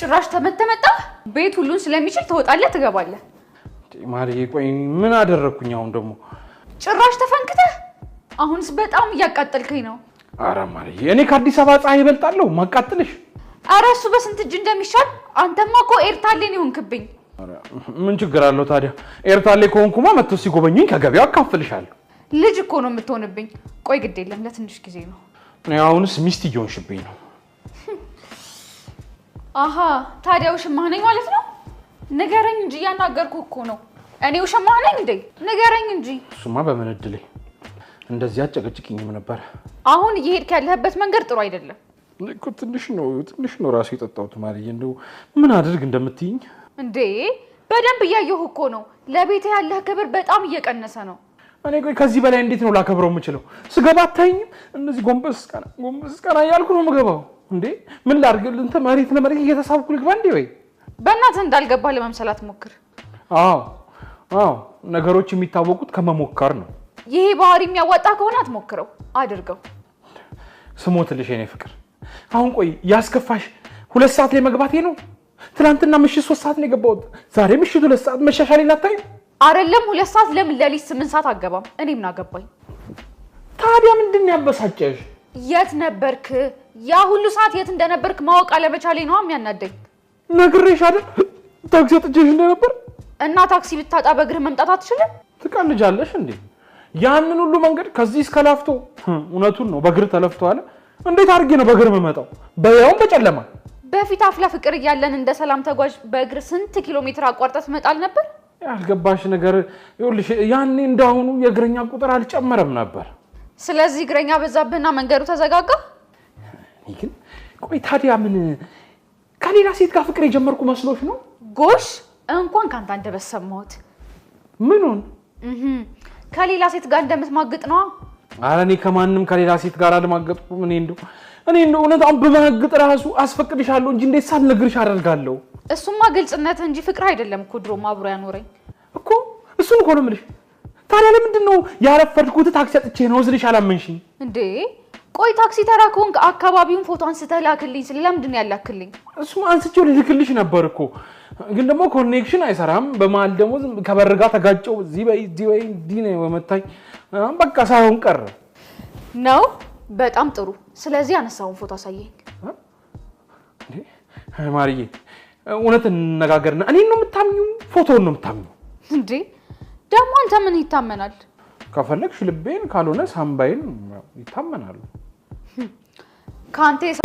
ጭራሽ ተመተመጣ ቤት ሁሉን ስለሚችል ትወጣለህ፣ ትገባለህ። ማርዬ ቆይ ምን አደረግኩኝ አሁን ደግሞ? ጭራሽ ተፈንክተህ አሁንስ በጣም እያቃጠልከኝ ነው። አረ ማርዬ እኔ ከአዲስ አበባ ፀሐይ ይበልጣለሁ ማቃጥልሽ። አረ እሱ በስንት እጅ እንደሚሻል አንተማ እኮ ኤርታሌን ይሆንክብኝ። ምን ችግር አለው ታዲያ? ኤርታሌ ከሆንኩማ መጥቶ ሲጎበኙኝ ከገቢያው አካፍልሻለሁ። ልጅ እኮ ነው የምትሆንብኝ። ቆይ ግድ የለም ለትንሽ ጊዜ ነው። አሁንስ ሚስት እየሆንሽብኝ ነው። አሀ ታዲያ ውሽማህ ነኝ ማለት ነው? ንገረኝ እንጂ እያናገርኩ እኮ ነው። እኔ ውሽማህ ነኝ እንዴ? ንገረኝ እንጂ። እሱማ በምን እድሌ እንደዚህ አጨቅጭቅኝም ነበረ። አሁን እየሄድክ ያለህበት መንገድ ጥሩ አይደለም እኮ። ትንሽ ነው ትንሽ ነው ራሱ የጠጣሁት ማለዬ። እንደው ምን አድርግ እንደምትይኝ እንዴ? በደንብ እያየሁ እኮ ነው። ለቤት ያለህ ክብር በጣም እየቀነሰ ነው። እኔ ቆይ ከዚህ በላይ እንዴት ነው ላከብረው የምችለው? ስገባ አታይኝም? እነዚህ ጎንበስ ቀና ጎንበስ ቀና እያልኩ ነው የምገባው እንዴ ምን ላድርግ? እንትን መሬት ለመሬት እየተሳብኩ ልግባ እንዴ? ወይ በእናትህ እንዳልገባ ለመምሰል አትሞክር። አዎ አዎ፣ ነገሮች የሚታወቁት ከመሞከር ነው። ይሄ ባህሪ የሚያዋጣ ከሆነ አትሞክረው፣ አድርገው። ስሞትልሽ የኔ ፍቅር፣ አሁን ቆይ ያስከፋሽ ሁለት ሰዓት ላይ መግባቴ ነው። ትናንትና ምሽት ሶስት ሰዓት ነው የገባሁት። ዛሬ ምሽት ሁለት ሰዓት መሻሻል ላታዩ አይደለም? ሁለት ሰዓት ለምን ለሊት ስምንት ሰዓት አገባም። እኔ ምን አገባኝ ታዲያ? ምንድን ያበሳጨሽ? የት ነበርክ? ያ ሁሉ ሰዓት የት እንደነበርክ ማወቅ አለመቻሌ ነው የሚያናደኝ። ነግሬሽ አይደል ታክሲ አጥቼሽ እንደነበር። እና ታክሲ ብታጣ በእግርህ መምጣት አትችልም? ትቀልጃለሽ እንዴ? ያንን ሁሉ መንገድ ከዚህ እስከ ላፍቶ፣ እውነቱን ነው በእግር ተለፍቶ አለ። እንዴት አድርጌ ነው በእግር የምመጣው? በያውም በጨለማ። በፊት አፍላ ፍቅር እያለን እንደ ሰላም ተጓዥ በእግር ስንት ኪሎ ሜትር አቋርጠ ትመጣል ነበር። ያልገባሽ ነገር ይኸውልሽ፣ ያኔ እንዳሁኑ የእግረኛ ቁጥር አልጨመረም ነበር። ስለዚህ እግረኛ በዛብህና መንገዱ ተዘጋጋ። ግን ቆይ ታዲያ ምን ከሌላ ሴት ጋር ፍቅር የጀመርኩ መስሎች ነው? ጎሽ እንኳን ከአንተ አንደበት ሰማሁት። ምኑን? ከሌላ ሴት ጋር እንደምትማግጥ ነዋ። አረ እኔ ከማንም ከሌላ ሴት ጋር አልማገጥኩም። እኔ እንደው እኔ እንደው እውነት አሁን በማግጥ ራሱ አስፈቅድሻለሁ እንጂ እንዴት ሳልነግርሽ አደርጋለሁ። እሱማ ግልጽነት እንጂ ፍቅር አይደለም እኮ ድሮም አብሮ ያኖረኝ እኮ እሱን እኮ ነው የምልሽ። ታዲያ ለምንድን ነው ያረፈድኩት? ታክሲ አጥቼ ነው ስልሽ አላመንሽኝ እንዴ? ቆይ ታክሲ ተራ ከሆንክ አካባቢውን ፎቶ አንስተህ ላክልኝ። ስለምንድን ያላክልኝ? እሱም አንስቼው ልልክልሽ ነበር እኮ ግን ደግሞ ኮኔክሽን አይሰራም። በመሀል ደግሞ ከበር ጋር ተጋጨው። እዚህ በይ እዚህ በይ እንዲህ ነው የመታኝ። በቃ ሳይሆን ቀረ ነው። በጣም ጥሩ። ስለዚህ አነሳውን ፎቶ አሳየኝ። ማርዬ እውነት እንነጋገርና እኔ ነው የምታምኙ? ፎቶውን ነው የምታምኙ እንዴ? ደግሞ አንተ ምን ይታመናል? ከፈለግሽ ልቤን፣ ካልሆነ ሳምባይን ይታመናሉ። खांसी